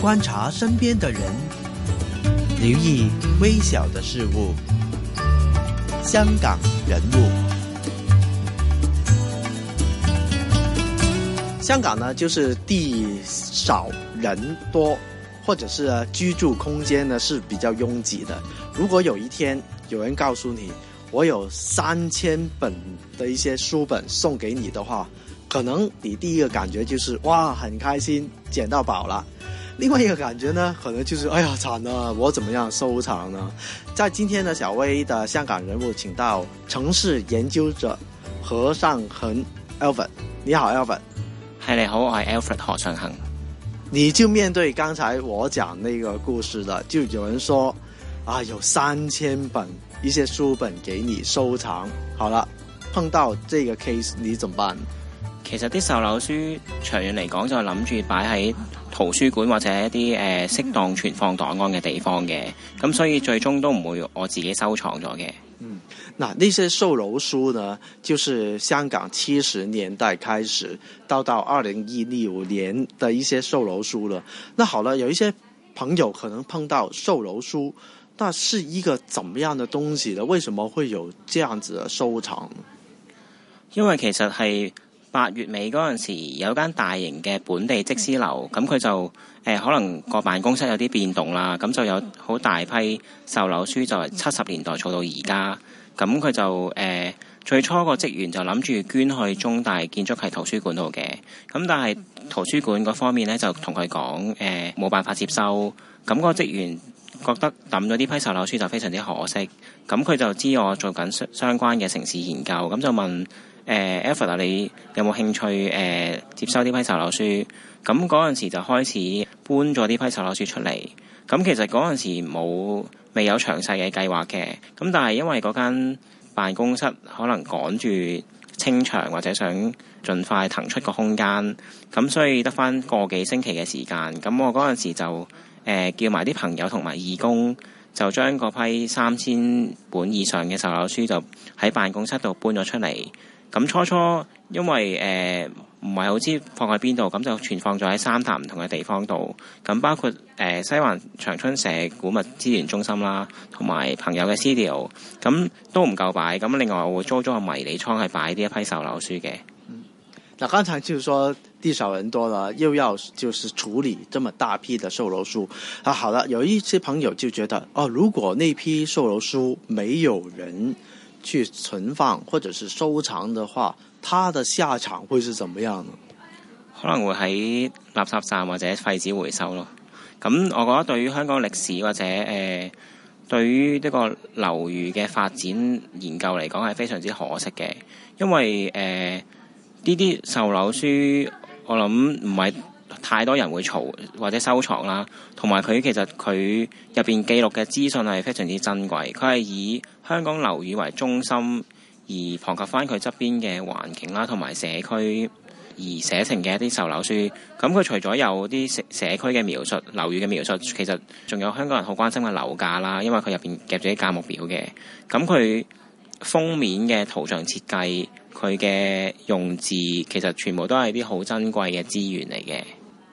觀察身邊的人，留意微小的事物。香港人物，香港呢就是地少人多，或者是，啊，居住空間呢是比較擁擠的。如果有一天有人告訴你，我有三千本的一些書本送給你的話，可能你第一個感覺就是哇，很開心，撿到寶了。另外一個感覺呢，可能就是，哎呀慘啦，我怎麼樣收藏呢？在今天呢，小薇的香港人物請到城市研究者何尚衡，Alvin，你好，Alvin。係，你好，我係 Alfred 何尚衡。你就面對剛才我講那個故事的，就有人說，啊有三千本一些書本給你收藏，好了，碰到這個 case 你怎麼辦？其實啲售樓書長遠嚟講，就諗住擺喺。圖書館或者一啲誒、呃、適當存放檔案嘅地方嘅，咁所以最終都唔會我自己收藏咗嘅。嗯，嗱，呢些售樓書呢，就是香港七十年代開始到到二零一六年的一些售樓書了。那好了，有一些朋友可能碰到售樓書，那是一個怎麼樣的東西呢？為什麼會有這樣子的收藏？因為其實係。八月尾嗰陣時，有間大型嘅本地則師樓，咁佢就誒、呃、可能個辦公室有啲變動啦，咁就有好大批售樓書，就係七十年代做到而家。咁佢就誒、呃、最初個職員就諗住捐去中大建築系圖書館度嘅，咁但係圖書館嗰方面呢，就同佢講誒冇辦法接收。咁個職員覺得抌咗呢批售樓書就非常之可惜。咁佢就知我做緊相相關嘅城市研究，咁就問。誒、欸、Ever 你有冇興趣誒、欸、接收呢批售樓書？咁嗰陣時就開始搬咗呢批售樓書出嚟。咁、嗯、其實嗰陣時冇未有詳細嘅計劃嘅。咁、嗯、但係因為嗰間辦公室可能趕住清場或者想盡快騰出個空間，咁、嗯、所以得返個幾星期嘅時間。咁、嗯、我嗰陣時就誒、呃、叫埋啲朋友同埋義工，就將嗰批三千本以上嘅售樓書就喺辦公室度搬咗出嚟。咁初初因為誒唔係好知放喺邊度，咁就存放咗喺三笪唔同嘅地方度。咁包括誒、呃、西環長春社古物資源中心啦，同埋朋友嘅 s t u d 咁都唔夠擺。咁另外我會租咗個迷你倉，係擺呢一批售樓書嘅。嗱、嗯，那剛才就是說地少人多了，又要就是處理這麼大批嘅售樓書。啊，好的，有一些朋友就覺得，哦，如果那批售樓書沒有人。去存放或者是收藏的話，它的下場會是怎麼樣呢？可能會喺垃圾站或者廢紙回收咯。咁，我覺得對於香港歷史或者誒、呃，對於呢個樓宇嘅發展研究嚟講係非常之可惜嘅，因為誒呢啲售樓書我諗唔係。太多人會嘈或者收藏啦，同埋佢其實佢入邊記錄嘅資訊係非常之珍貴。佢係以香港樓宇為中心而旁及返佢側邊嘅環境啦，同埋社區而寫成嘅一啲售樓書。咁佢除咗有啲社社區嘅描述、樓宇嘅描述，其實仲有香港人好關心嘅樓價啦，因為佢入邊夾住啲價目表嘅。咁佢封面嘅圖像設計，佢嘅用字其實全部都係啲好珍貴嘅資源嚟嘅。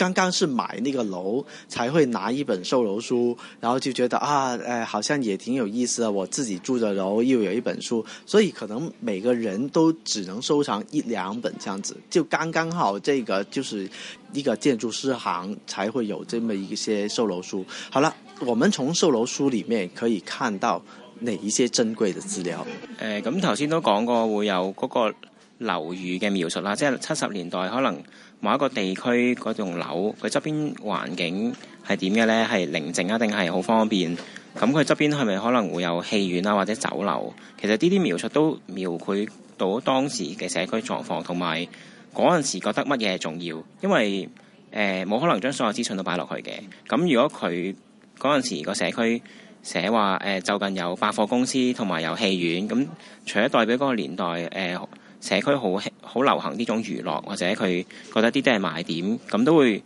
剛剛是買那個樓才會拿一本售樓書，然後就覺得啊，誒、呃，好像也挺有意思的。我自己住的樓又有一本書，所以可能每個人都只能收藏一兩本這樣子，就剛剛好。這個就是一個建築師行才會有這麼一些售樓書。好了，我們從售樓書裏面可以看到哪一些珍貴的資料？誒，咁頭先都講過會有嗰個。樓宇嘅描述啦，即係七十年代，可能某一個地區嗰棟樓佢側邊環境係點嘅呢？係寧靜啊，定係好方便咁？佢側邊係咪可能會有戲院啊，或者酒樓？其實呢啲描述都描繪到當時嘅社區狀況，同埋嗰陣時覺得乜嘢重要，因為誒冇、呃、可能將所有資訊都擺落去嘅。咁如果佢嗰陣時個社區寫話誒，就、呃、近有百貨公司同埋有戲院咁，除咗代表嗰個年代誒。呃社區好好流行呢種娛樂，或者佢覺得啲都係賣點，咁都會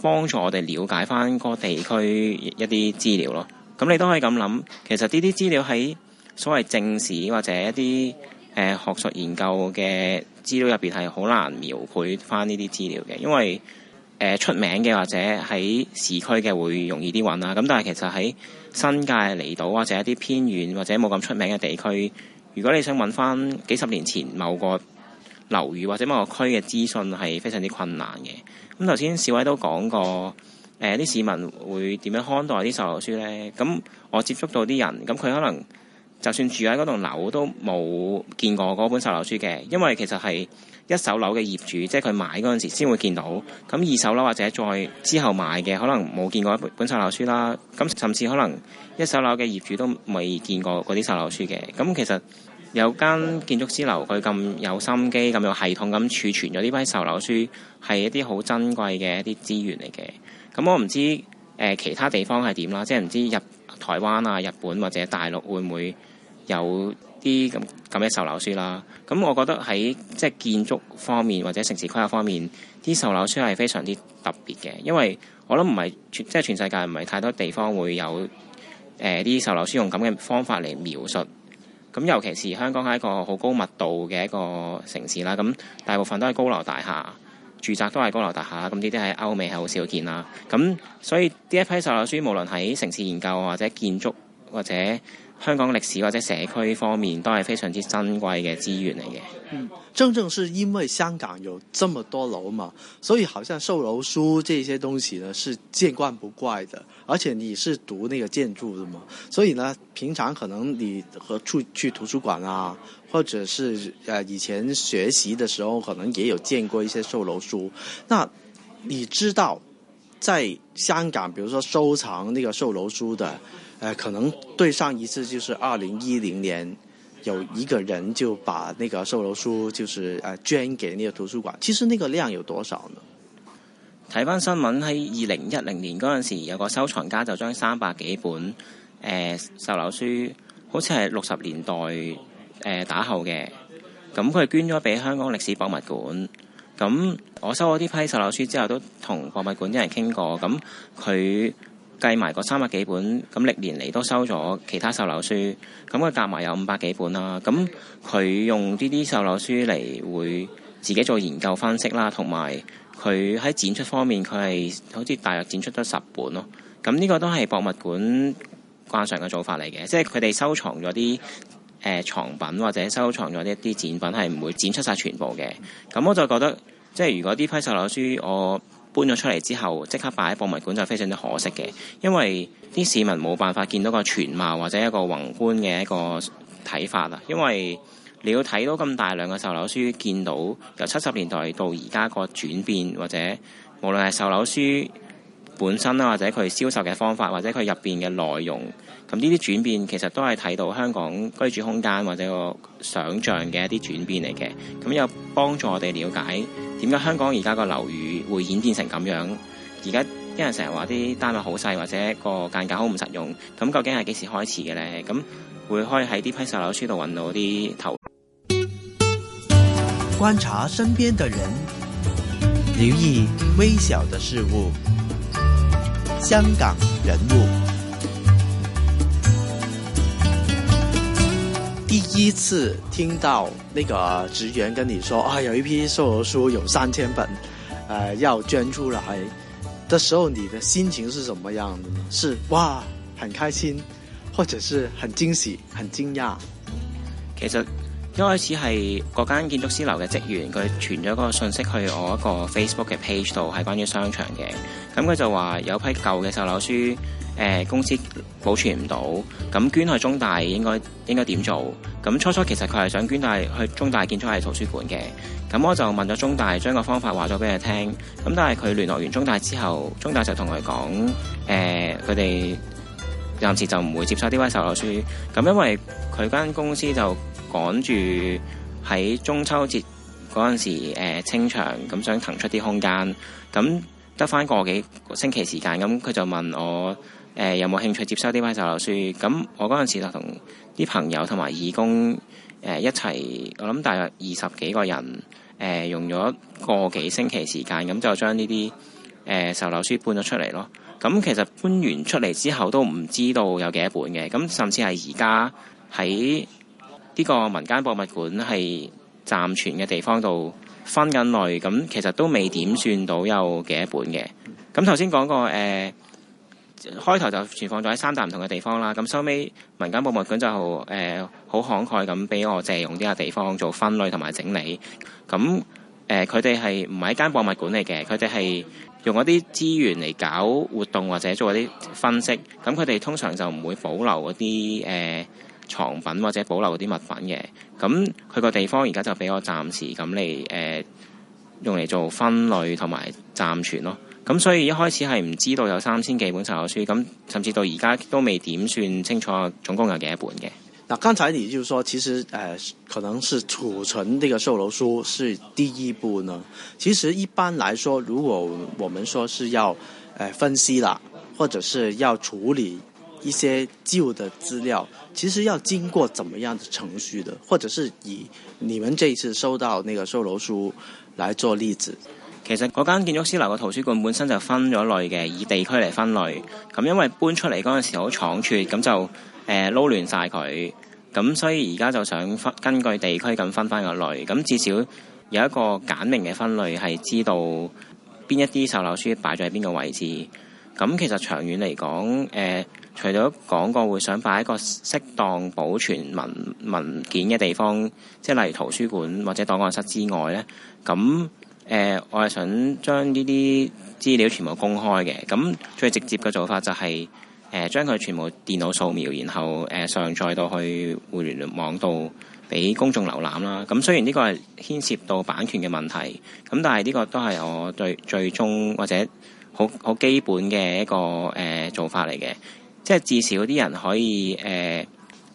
幫助我哋了解翻個地區一啲資料咯。咁你都可以咁諗，其實呢啲資料喺所謂正史或者一啲誒、呃、學術研究嘅資料入邊係好難描繪翻呢啲資料嘅，因為、呃、出名嘅或者喺市區嘅會容易啲揾啦。咁但係其實喺新界離島或者一啲偏遠或者冇咁出名嘅地區，如果你想揾翻幾十年前某個樓宇或者某個區嘅資訊係非常之困難嘅。咁頭先小偉都講過，誒、呃、啲市民會點樣看待啲售樓書呢？咁我接觸到啲人，咁佢可能就算住喺嗰棟樓都冇見過嗰本售樓書嘅，因為其實係。一手樓嘅業主，即係佢買嗰陣時先會見到。咁二手樓或者再之後買嘅，可能冇見過一本售樓書啦。咁甚至可能一手樓嘅業主都未見過嗰啲售樓書嘅。咁其實有間建築師樓，佢咁有心機，咁有系統咁儲存咗呢批售樓書，係一啲好珍貴嘅一啲資源嚟嘅。咁我唔知誒、呃、其他地方係點啦，即係唔知日、台灣啊、日本或者大陸會唔會？有啲咁咁嘅售樓書啦，咁我覺得喺即係建築方面或者城市規劃方面，啲售樓書係非常之特別嘅，因為我諗唔係即係全世界唔係太多地方會有誒啲、呃、售樓書用咁嘅方法嚟描述。咁尤其是香港係一個好高密度嘅一個城市啦，咁大部分都係高樓大廈，住宅都係高樓大廈，咁呢啲喺歐美係好少見啦。咁所以呢一批售樓書，無論喺城市研究或者建築。或者香港歷史或者社區方面都係非常之珍貴嘅資源嚟嘅。嗯，正正是因為香港有這麼多樓嘛，所以好像售樓書這些東西呢，是見慣不怪的。而且你是讀那個建築嘅嘛，所以呢，平常可能你和出去圖書館啊，或者是誒以前學習的時候可能也有見過一些售樓書。那你知道？即係香港，比如說收藏呢個售樓書的，誒、呃，可能對上一次就是二零一零年，有一個人就把那個售樓書，就是誒、呃、捐給呢個圖書館。其實那個量有多少呢？睇返新聞喺二零一零年嗰陣時，有個收藏家就將三百幾本誒、呃、售樓書，好似係六十年代誒、呃、打後嘅，咁、嗯、佢捐咗俾香港歷史博物館。咁我收咗呢批售樓書之後，都同博物館啲人傾過。咁佢計埋個三百幾本，咁歷年嚟都收咗其他售樓書，咁佢夾埋有五百幾本啦。咁佢用呢啲售樓書嚟會自己做研究分析啦，同埋佢喺展出方面，佢係好似大約展出咗十本咯。咁呢個都係博物館慣常嘅做法嚟嘅，即係佢哋收藏咗啲。誒、呃、藏品或者收藏咗呢一啲展品係唔會展出晒全部嘅，咁我就覺得即係如果呢批售樓書我搬咗出嚟之後，即刻擺喺博物館就非常之可惜嘅，因為啲市民冇辦法見到個全貌或者一個宏觀嘅一個睇法啦。因為你要睇到咁大量嘅售樓書，見到由七十年代到而家個轉變，或者無論係售樓書。本身啦，或者佢銷售嘅方法，或者佢入邊嘅內容，咁呢啲轉變其實都係睇到香港居住空間或者個想象嘅一啲轉變嚟嘅。咁又幫助我哋了解點解香港而家個樓宇會演變成咁樣，而家因為成日話啲單位好細或者個間隔好唔實用，咁究竟係幾時開始嘅咧？咁會可以喺啲批售樓書度揾到啲頭，觀察身邊的人，留意微小的事物。香港人物，第一次聽到那個職員跟你說啊，有一批售樓書有三千本，誒、呃，要捐出來的時候，你的心情是什麼樣的呢？是哇，很開心，或者是很驚喜、很驚訝。其實。一開始係嗰間建築師樓嘅職員，佢傳咗個信息去我一個 Facebook 嘅 page 度，係關於商場嘅。咁佢就話有批舊嘅售樓書，誒、呃、公司保存唔到，咁捐去中大應該應該點做？咁初初其實佢係想捐，但去中大建築系圖書館嘅。咁我就問咗中大，將個方法話咗俾佢聽。咁但係佢聯絡完中大之後，中大就同佢講，誒佢哋。暫時就唔會接收呢批售樓書，咁因為佢間公司就趕住喺中秋節嗰陣時、呃、清場，咁、嗯、想騰出啲空間，咁得返個幾星期時間，咁、嗯、佢就問我誒、呃、有冇興趣接收呢批售樓書，咁、嗯、我嗰陣時就同啲朋友同埋義工誒、呃、一齊，我諗大約二十幾個人誒、呃、用咗個幾星期時間，咁、嗯、就將呢啲誒售樓書搬咗出嚟咯。咁其實搬完出嚟之後都唔知道有幾多本嘅，咁甚至係而家喺呢個民間博物館係暫存嘅地方度分緊類，咁其實都未點算到有幾多本嘅。咁頭先講過誒開頭就存放咗喺三大唔同嘅地方啦，咁收尾民間博物館就誒好、呃、慷慨咁俾我借用呢個地方做分類同埋整理，咁、呃。誒，佢哋係唔係一間博物館嚟嘅？佢哋係用嗰啲資源嚟搞活動或者做嗰啲分析。咁佢哋通常就唔會保留嗰啲誒藏品或者保留嗰啲物品嘅。咁佢個地方而家就比較暫時咁嚟誒用嚟做分類同埋暫存咯。咁、嗯、所以一開始係唔知道有三千幾本售樓書，咁、嗯、甚至到而家都未點算清楚總共有幾多本嘅。那剛才你就說，其實誒、呃，可能是儲存呢個售樓書是第一步呢。其實一般來說，如果我們說是要誒、呃、分析啦，或者是要處理一些舊的資料，其實要經過怎麼樣的程序的？或者是以你們這一次收到那個售樓書來做例子？其實嗰間建築師樓嘅圖書館本身就分咗類嘅，以地區嚟分類。咁因為搬出嚟嗰陣時好倉促，咁就。誒撈亂晒佢，咁所以而家就想分根據地區咁分翻個類，咁至少有一個簡明嘅分類係知道邊一啲售樓書擺咗喺邊個位置。咁其實長遠嚟講，誒、呃、除咗講過會想擺一個適當保存文文件嘅地方，即係例如圖書館或者檔案室之外呢，咁誒、呃、我係想將呢啲資料全部公開嘅。咁最直接嘅做法就係、是。誒、呃、將佢全部電腦掃描，然後誒、呃、上載到去互聯網度俾公眾瀏覽啦。咁、嗯、雖然呢個係牽涉到版權嘅問題，咁但係呢個都係我最最終或者好好基本嘅一個誒、呃、做法嚟嘅，即係至少啲人可以誒。呃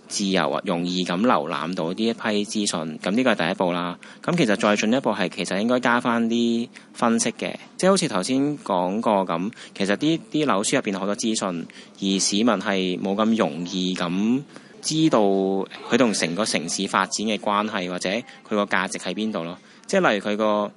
自由啊，容易咁瀏覽到呢一批資訊，咁呢個係第一步啦。咁其實再進一步係其實應該加翻啲分析嘅，即係好似頭先講過咁，其實啲啲樓書入邊好多資訊，而市民係冇咁容易咁知道佢同成個城市發展嘅關係，或者佢個價值喺邊度咯。即係例如佢個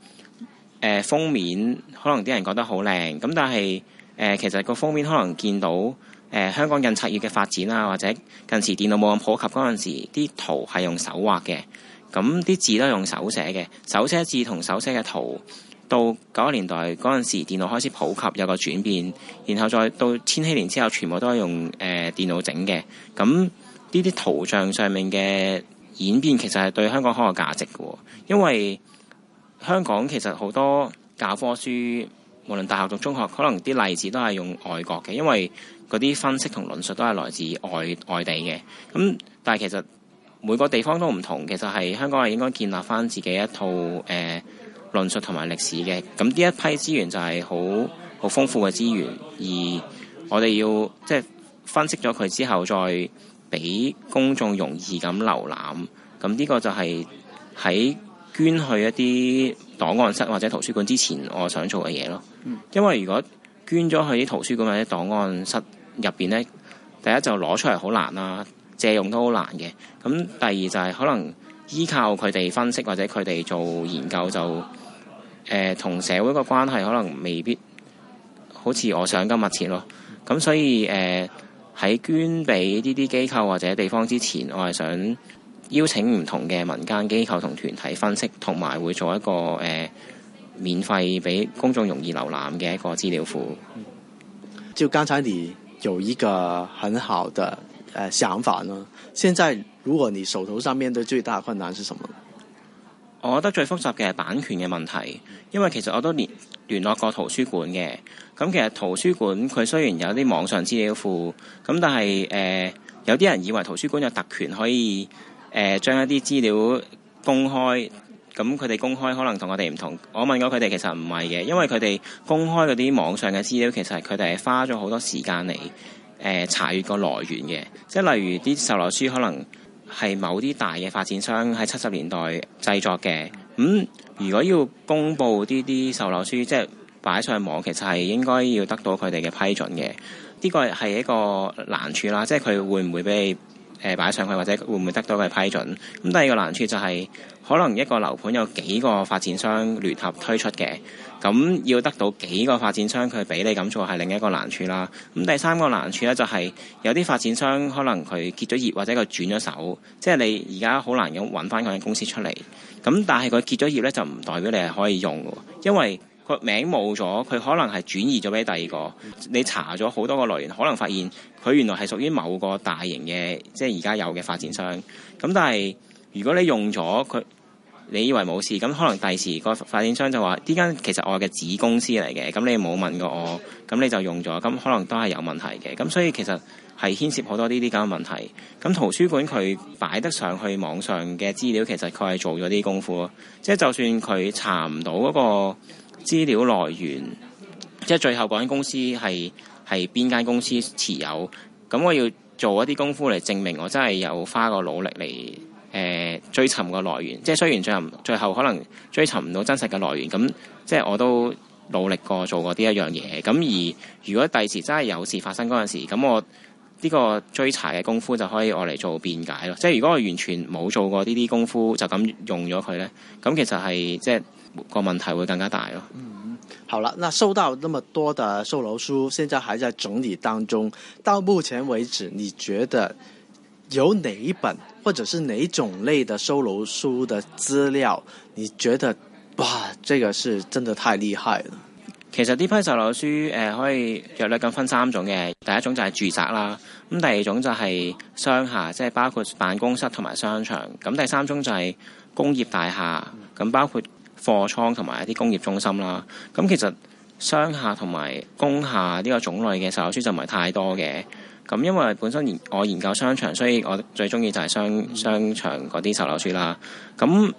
誒封面，可能啲人覺得好靚，咁但係誒、呃、其實個封面可能見到。誒、呃、香港印刷業嘅發展啊，或者近時電腦冇咁普及嗰陣時，啲圖係用手畫嘅，咁啲字都用手寫嘅。手寫字同手寫嘅圖，到九十年代嗰陣時，電腦開始普及，有個轉變，然後再到千禧年之後，全部都係用誒、呃、電腦整嘅。咁呢啲圖像上面嘅演變，其實係對香港好有價值嘅喎，因為香港其實好多教科書。無論大學同中學，可能啲例子都係用外國嘅，因為嗰啲分析同論述都係來自外外地嘅。咁但係其實每個地方都唔同，其實係香港係應該建立返自己一套誒、呃、論述同埋歷史嘅。咁呢一批資源就係好好豐富嘅資源，而我哋要即係、就是、分析咗佢之後，再俾公眾容易咁瀏覽。咁呢個就係喺。捐去一啲檔案室或者圖書館之前，我想做嘅嘢咯。因為如果捐咗去啲圖書館或者檔案室入邊呢，第一就攞出嚟好難啦、啊，借用都好難嘅。咁第二就係可能依靠佢哋分析或者佢哋做研究就誒同、呃、社會嘅關係可能未必好似我想咁密切咯。咁所以誒喺、呃、捐俾呢啲機構或者地方之前，我係想。邀請唔同嘅民間機構同團體分析，同埋會做一個誒、呃、免費俾公眾容易瀏覽嘅一個資料庫。就剛才你有一個很好的誒、呃、想法呢。現在如果你手頭上面嘅最大困難係什麼？我覺得最複雜嘅係版權嘅問題，因為其實我都聯聯絡過圖書館嘅。咁其實圖書館佢雖然有啲網上資料庫，咁但係誒、呃、有啲人以為圖書館有特權可以。誒、呃、將一啲資料公開，咁佢哋公開可能同我哋唔同。我問過佢哋，其實唔係嘅，因為佢哋公開嗰啲網上嘅資料，其實佢哋係花咗好多時間嚟誒、呃、查閲個來源嘅。即係例如啲售樓書，可能係某啲大嘅發展商喺七十年代製作嘅。咁、嗯、如果要公布呢啲售樓書，即係擺上網，其實係應該要得到佢哋嘅批准嘅。呢個係一個難處啦，即係佢會唔會俾你？誒擺、呃、上去或者會唔會得到佢批准？咁第二個難處就係、係，可能一個樓盤有幾個發展商聯合推出嘅，咁要得到幾個發展商佢俾你咁做，係另一個難處啦。咁第三個難處呢，就係、係，有啲發展商可能佢結咗業或者佢轉咗手，即係你而家好難咁揾翻嗰間公司出嚟。咁但係佢結咗業呢，就唔代表你係可以用嘅，因為，個名冇咗，佢可能係轉移咗俾第二個。你查咗好多個來源，可能發現佢原來係屬於某個大型嘅，即係而家有嘅發展商。咁但係如果你用咗佢，你以為冇事，咁可能第時個發展商就話呢間其實我嘅子公司嚟嘅，咁你冇問過我，咁你就用咗，咁可能都係有問題嘅。咁所以其實係牽涉好多呢啲咁嘅問題。咁圖書館佢擺得上去網上嘅資料，其實佢係做咗啲功夫，即係就算佢查唔到嗰個。資料來源，即係最後嗰間公司係係邊間公司持有？咁我要做一啲功夫嚟證明我真係有花過努力嚟誒、呃、追尋個來源。即係雖然最後最後可能追尋唔到真實嘅來源，咁即係我都努力過做過呢一樣嘢。咁而如果第時真係有事發生嗰陣時，咁我。呢個追查嘅功夫就可以我嚟做辯解咯，即係如果我完全冇做過呢啲功夫就咁用咗佢咧，咁其實係即係個問題會更加大咯。好了，那收到那麼多的售樓書，現在還在整理當中。到目前為止，你覺得有哪一本或者是哪種類的售樓書的資料，你覺得哇，這個是真的太厲害了。其實呢批售樓書誒、呃、可以約略咁分三種嘅，第一種就係住宅啦，咁第二種就係商廈，即係包括辦公室同埋商場，咁第三種就係工業大廈，咁包括貨倉同埋一啲工業中心啦。咁其實商廈同埋工廈呢個種類嘅售樓書就唔係太多嘅，咁因為本身研我研究商場，所以我最中意就係商商場嗰啲售樓書啦。咁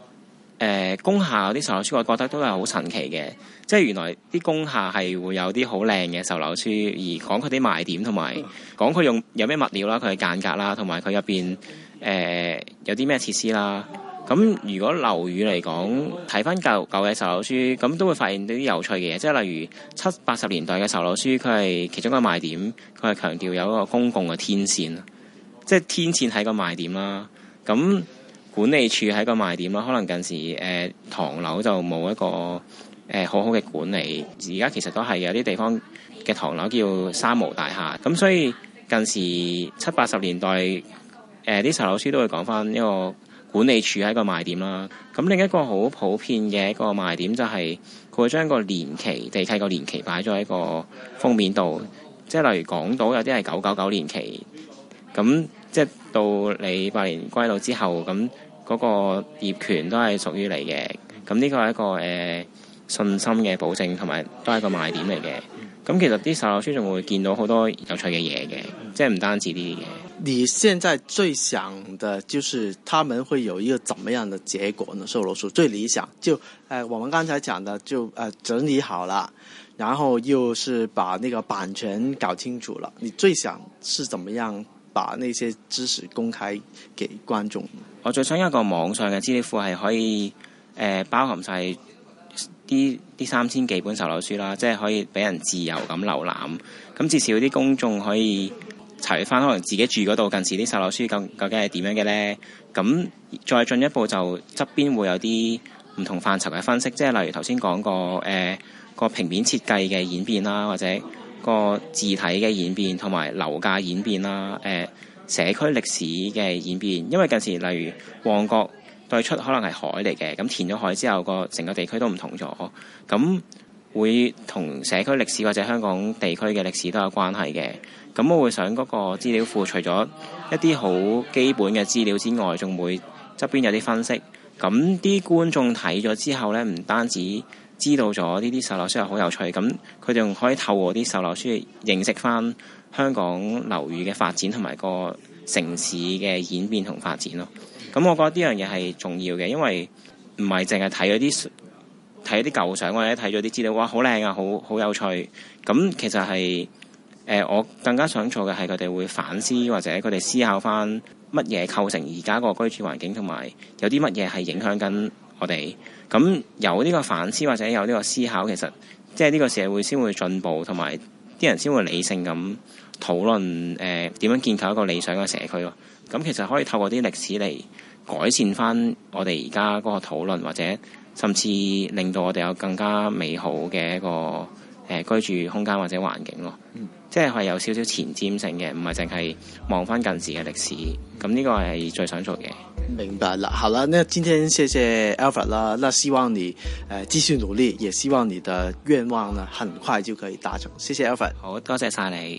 誒工廈有啲售樓書，我覺得都係好神奇嘅，即係原來啲工廈係會有啲好靚嘅售樓書，而講佢啲賣點同埋講佢用有咩物料啦，佢嘅間隔啦，同埋佢入邊誒有啲咩、呃、設施啦。咁如果樓宇嚟講，睇翻舊舊嘅售樓書，咁都會發現到啲有趣嘅嘢，即係例如七八十年代嘅售樓書，佢係其中一個賣點，佢係強調有一個公共嘅天線，即係天線係個賣點啦。咁管理處係一個賣點啦，可能近時誒、呃、唐樓就冇一個誒、呃、好好嘅管理，而家其實都係有啲地方嘅唐樓叫三無大廈，咁所以近時七八十年代誒啲售樓書都會講返一個管理處係一個賣點啦。咁另一個好普遍嘅一個賣點就係、是、佢會將個年期地契個年期擺咗喺個封面度，即係例如港島有啲係九九九年期。咁即係到你百年歸老之後，咁嗰個業權都係屬於你嘅。咁呢個係一個誒、呃、信心嘅保證，同埋都係個賣點嚟嘅。咁其實啲售樓書仲會見到好多有趣嘅嘢嘅，即係唔單止呢啲嘢。你現在最想嘅，就是他們會有一個怎麼樣的結果呢？售樓書最理想就，誒、呃，我們剛才講的就，誒、呃，整理好了，然後又是把那個版權搞清楚了，你最想是怎麼樣？把呢些知識公開給觀眾。我最想一個網上嘅資料庫係可以，誒、呃，包含晒啲啲三千幾本售樓書啦，即係可以俾人自由咁瀏覽。咁至少啲公眾可以查閱翻，可能自己住嗰度近似啲售樓書，究竟係點樣嘅呢？咁再進一步就側邊會有啲唔同範疇嘅分析，即係例如頭先講過個誒個平面設計嘅演變啦，或者。個字體嘅演變同埋樓價演變啦，誒、呃、社區歷史嘅演變，因為近時例如旺角對出可能係海嚟嘅，咁、嗯、填咗海之後，個成個地區都唔同咗，咁、嗯、會同社區歷史或者香港地區嘅歷史都有關係嘅。咁、嗯、我會想嗰個資料庫除咗一啲好基本嘅資料之外，仲會側邊有啲分析。咁、嗯、啲觀眾睇咗之後呢，唔單止。知道咗呢啲售樓書係好有趣，咁佢哋仲可以透過啲售樓書認識翻香港樓宇嘅發展同埋個城市嘅演變同發展咯。咁我覺得呢樣嘢係重要嘅，因為唔係淨係睇咗啲睇啲舊相或者睇咗啲資料話好靚啊，好好有趣。咁其實係誒、呃，我更加想做嘅係佢哋會反思或者佢哋思考翻乜嘢構成而家個居住環境同埋有啲乜嘢係影響緊。我哋咁有呢個反思或者有呢個思考，其實即係呢個社會先會進步，同埋啲人先會理性咁討論誒點樣建構一個理想嘅社區咯。咁、嗯、其實可以透過啲歷史嚟改善返我哋而家嗰個討論，或者甚至令到我哋有更加美好嘅一個。誒、呃、居住空間或者環境咯，即係係有少少前瞻性嘅，唔係淨係望翻近時嘅歷史。咁呢個係最想做嘅。明白啦，好啦，呢今天謝謝 Alfred 啦。那希望你誒、呃、繼續努力，也希望你的願望呢，很快就可以達成。謝謝 Alfred，好多謝晒你。